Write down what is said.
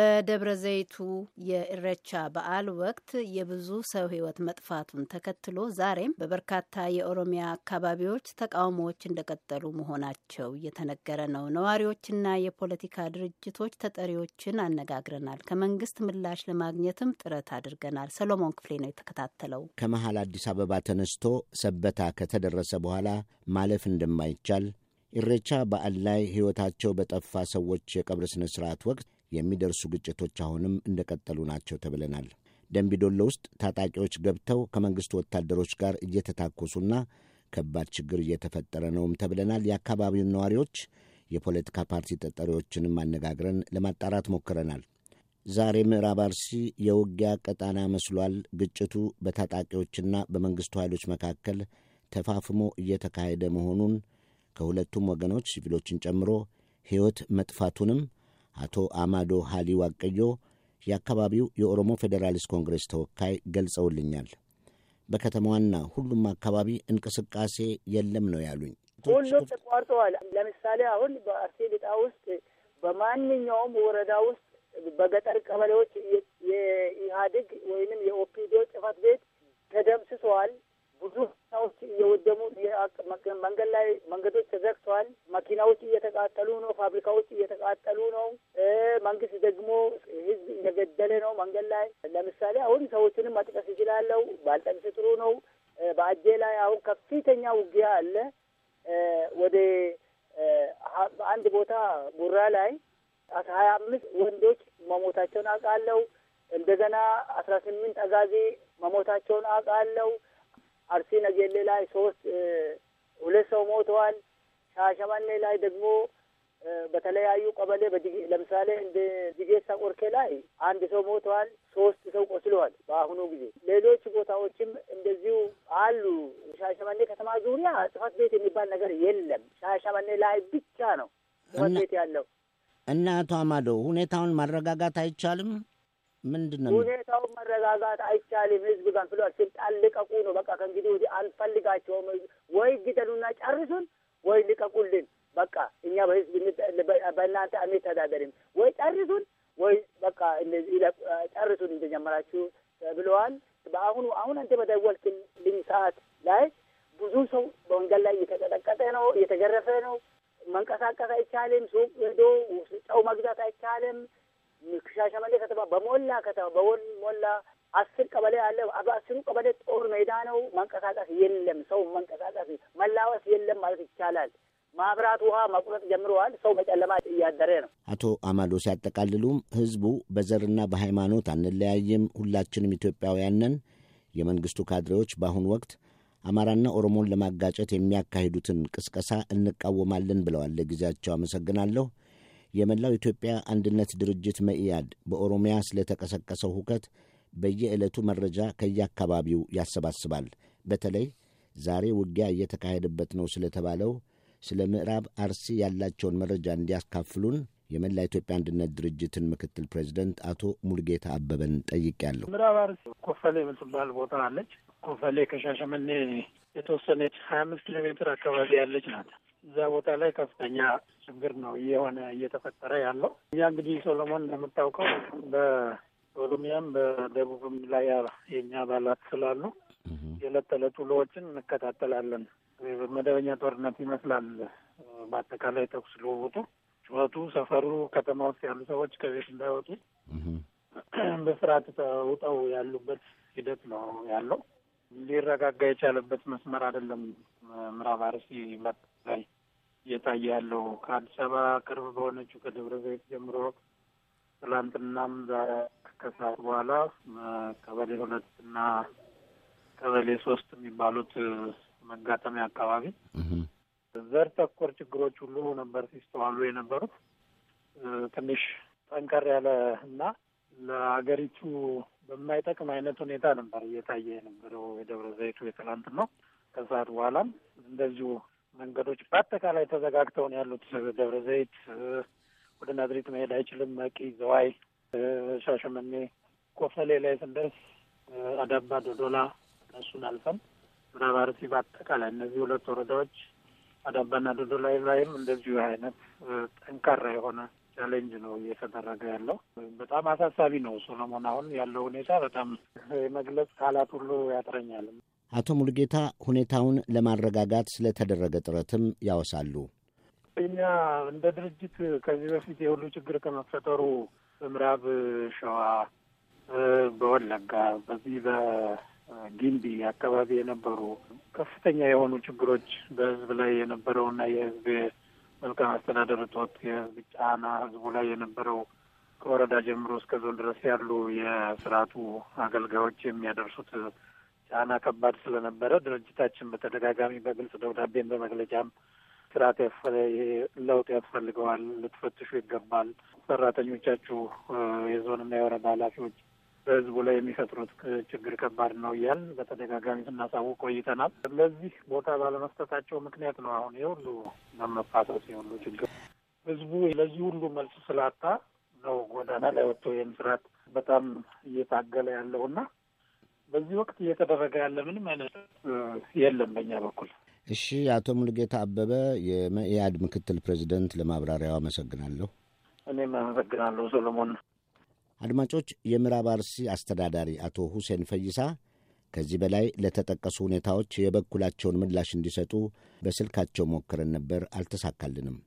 በደብረ ዘይቱ የእረቻ በዓል ወቅት የብዙ ሰው ሕይወት መጥፋቱን ተከትሎ ዛሬም በበርካታ የኦሮሚያ አካባቢዎች ተቃውሞዎች እንደቀጠሉ መሆናቸው እየተነገረ ነው። ነዋሪዎችና የፖለቲካ ድርጅቶች ተጠሪዎችን አነጋግረናል። ከመንግስት ምላሽ ለማግኘትም ጥረት አድርገናል። ሰሎሞን ክፍሌ ነው የተከታተለው። ከመሀል አዲስ አበባ ተነስቶ ሰበታ ከተደረሰ በኋላ ማለፍ እንደማይቻል ኢሬቻ በዓል ላይ ሕይወታቸው በጠፋ ሰዎች የቀብር ስነ ወቅት የሚደርሱ ግጭቶች አሁንም እንደቀጠሉ ናቸው ተብለናል። ደንቢዶሎ ውስጥ ታጣቂዎች ገብተው ከመንግሥቱ ወታደሮች ጋር እየተታኮሱና ከባድ ችግር እየተፈጠረ ነውም ተብለናል። የአካባቢውን ነዋሪዎች፣ የፖለቲካ ፓርቲ ጠጠሪዎችንም አነጋግረን ለማጣራት ሞክረናል። ዛሬ ምዕራብ አርሲ የውጊያ ቀጣና መስሏል። ግጭቱ በታጣቂዎችና በመንግሥቱ ኃይሎች መካከል ተፋፍሞ እየተካሄደ መሆኑን ከሁለቱም ወገኖች ሲቪሎችን ጨምሮ ሕይወት መጥፋቱንም አቶ አማዶ ሀሊ ዋቀዮ የአካባቢው የኦሮሞ ፌዴራሊስት ኮንግሬስ ተወካይ ገልጸውልኛል። በከተማዋና ሁሉም አካባቢ እንቅስቃሴ የለም ነው ያሉኝ። ሁሉም ተቋርጠዋል። ለምሳሌ አሁን በአርቴሊጣ ሊጣ ውስጥ በማንኛውም ወረዳ ውስጥ በገጠር ቀበሌዎች የኢህአዴግ ወይንም የኦፒዲዮ ጽህፈት ቤት ተደምስሰዋል። ብዙ ህንፃዎች እየወደሙ መንገድ ላይ መንገዶች ተዘግተዋል። መኪናዎች እየተቃጠሉ ነው። ፋብሪካዎች እየተቃጠሉ ነው። መንግስት ደግሞ ህዝብ እየገደለ ነው። መንገድ ላይ ለምሳሌ አሁን ሰዎችንም መጥቀስ ይችላለው። ባልጠቅስ ጥሩ ነው። በአጄ ላይ አሁን ከፍተኛ ውጊያ አለ። ወደ አንድ ቦታ ቡራ ላይ አስራ ሀያ አምስት ወንዶች መሞታቸውን አውቃለሁ። እንደገና አስራ ስምንት አጋዜ መሞታቸውን አውቃለሁ። አርሲ ነገሌ ላይ ሶስት ሁለት ሰው ሞተዋል። ሻሸመኔ ላይ ደግሞ በተለያዩ ቀበሌ ለምሳሌ እንደ ዲጌሳ ቆርኬ ላይ አንድ ሰው ሞተዋል፣ ሶስት ሰው ቆስለዋል። በአሁኑ ጊዜ ሌሎች ቦታዎችም እንደዚሁ አሉ። ሻሸመኔ ከተማ ዙሪያ ጽፈት ቤት የሚባል ነገር የለም። ሻሸመኔ ላይ ብቻ ነው ጽፈት ቤት ያለው እና አቶ አማዶ ሁኔታውን ማረጋጋት አይቻልም። ምንድን ነው ሁኔታው? መረጋጋት አይቻልም። ህዝብ ገንፍሏል። ስልጣን ልቀቁ ነው። በቃ ከእንግዲህ ወዲህ አንፈልጋቸውም። ወይ ግደሉና ጨርሱን፣ ወይ ልቀቁልን። በቃ እኛ በህዝብ በእናንተ አንተዳደርም። ወይ ጨርሱን፣ ወይ በቃ ጨርሱን እንደጀመራችሁ ብለዋል። በአሁኑ አሁን አንተ በደወልክልኝ ሰዓት ላይ ብዙ ሰው በወንጀል ላይ እየተቀጠቀጠ ነው፣ እየተገረፈ ነው። መንቀሳቀስ አይቻልም። ሱቅ ሄዶ ጨው መግዛት አይቻልም። ሻሸመኔ ከተማ በሞላ ከተማ በሞላ አስር ቀበሌ አለ። አስሩ ቀበሌ ጦር ሜዳ ነው። መንቀሳቀስ የለም። ሰው መንቀሳቀስ መላወስ የለም ማለት ይቻላል። ማብራት ውሃ መቁረጥ ጀምረዋል። ሰው በጨለማ እያደረ ነው። አቶ አማዶ ሲያጠቃልሉም ህዝቡ በዘርና በሃይማኖት አንለያይም፣ ሁላችንም ኢትዮጵያውያን ነን። የመንግስቱ ካድሬዎች በአሁኑ ወቅት አማራና ኦሮሞን ለማጋጨት የሚያካሂዱትን ቅስቀሳ እንቃወማለን ብለዋል። ለጊዜያቸው አመሰግናለሁ። የመላው ኢትዮጵያ አንድነት ድርጅት መኢአድ በኦሮሚያ ስለተቀሰቀሰው ሁከት በየዕለቱ መረጃ ከየአካባቢው ያሰባስባል። በተለይ ዛሬ ውጊያ እየተካሄደበት ነው ስለተባለው ስለ ምዕራብ አርሲ ያላቸውን መረጃ እንዲያካፍሉን የመላ ኢትዮጵያ አንድነት ድርጅትን ምክትል ፕሬዚደንት አቶ ሙልጌታ አበበን ጠይቄያለሁ። ምዕራብ አርሲ ኮፈሌ የምትባል ቦታ አለች። ኮፈሌ ከሻሸመኔ የተወሰነች ሀያ አምስት ኪሎ ሜትር አካባቢ ያለች ናት። እዛ ቦታ ላይ ከፍተኛ ችግር ነው እየሆነ እየተፈጠረ ያለው። እኛ እንግዲህ ሶሎሞን እንደምታውቀው በኦሮሚያም በደቡብም ላይ የእኛ አባላት ስላሉ የዕለት ተዕለት ውሎዎችን እንከታተላለን። መደበኛ ጦርነት ይመስላል። በአጠቃላይ ተኩስ ልውውጡ፣ ጩኸቱ፣ ሰፈሩ፣ ከተማ ውስጥ ያሉ ሰዎች ከቤት እንዳይወጡ በፍርሃት ተውጠው ያሉበት ሂደት ነው ያለው። ሊረጋጋ የቻለበት መስመር አይደለም። ምዕራብ አርሲ ላይ እየታየ ያለው ከአዲስ አበባ ቅርብ በሆነችው ከደብረ ዘይት ጀምሮ ትላንትናም ዛሬ ከሰዓት በኋላ ቀበሌ ሁለት እና ቀበሌ ሶስት የሚባሉት መጋጠሚያ አካባቢ ዘር ተኮር ችግሮች ሁሉ ነበር ሲስተዋሉ የነበሩት። ትንሽ ጠንከር ያለ እና ለሀገሪቱ በማይጠቅም አይነት ሁኔታ ነበር እየታየ የነበረው የደብረ ዘይቱ የትላንት ነው። ከሰዓት በኋላም እንደዚሁ መንገዶች በአጠቃላይ ተዘጋግተው ነው ያሉት። ደብረ ዘይት ወደ ናዝሬት መሄድ አይችልም። መቂ፣ ዘዋይ፣ ሻሸመኔ፣ ኮፈሌ ላይ ስንደርስ አዳባ፣ ዶዶላ እነሱን አልፈን ምዕራብ አርሲ በአጠቃላይ እነዚህ ሁለት ወረዳዎች አዳባና ዶዶላ ላይም እንደዚሁ አይነት ጠንካራ የሆነ ቻሌንጅ ነው እየተደረገ ያለው። በጣም አሳሳቢ ነው ሶሎሞን። አሁን ያለው ሁኔታ በጣም የመግለጽ ቃላት ሁሉ ያጥረኛል። አቶ ሙልጌታ ሁኔታውን ለማረጋጋት ስለተደረገ ጥረትም ያወሳሉ። እኛ እንደ ድርጅት ከዚህ በፊት የሁሉ ችግር ከመፈጠሩ በምዕራብ ሸዋ፣ በወለጋ፣ በዚህ በጊምቢ አካባቢ የነበሩ ከፍተኛ የሆኑ ችግሮች በህዝብ ላይ የነበረውና የህዝብ መልካም አስተዳደር እጦት፣ የህዝብ ጫና፣ ህዝቡ ላይ የነበረው ከወረዳ ጀምሮ እስከ ዞን ድረስ ያሉ የስርዓቱ አገልጋዮች የሚያደርሱት ጫና ከባድ ስለነበረ ድርጅታችን በተደጋጋሚ በግልጽ ደብዳቤን በመግለጫም ስርዓት ያስፈለ ይሄ ለውጥ ያስፈልገዋል፣ ልትፈትሹ ይገባል። ሰራተኞቻችሁ የዞንና የወረዳ ኃላፊዎች በህዝቡ ላይ የሚፈጥሩት ችግር ከባድ ነው እያል በተደጋጋሚ ስናሳውቅ ቆይተናል። ለዚህ ቦታ ባለመስጠታቸው ምክንያት ነው አሁን የሁሉ መመፋሰስ የሁሉ ችግር ህዝቡ ለዚህ ሁሉ መልስ ስላጣ ነው ጎዳና ላይ ወጥቶ ይህን ስርዓት በጣም እየታገለ ያለውና በዚህ ወቅት እየተደረገ ያለ ምንም አይነት የለም በእኛ በኩል። እሺ፣ አቶ ሙሉጌታ አበበ የመኢአድ ምክትል ፕሬዚደንት ለማብራሪያው አመሰግናለሁ። እኔም አመሰግናለሁ ሶሎሞን። አድማጮች፣ የምዕራብ አርሲ አስተዳዳሪ አቶ ሁሴን ፈይሳ ከዚህ በላይ ለተጠቀሱ ሁኔታዎች የበኩላቸውን ምላሽ እንዲሰጡ በስልካቸው ሞክረን ነበር፣ አልተሳካልንም።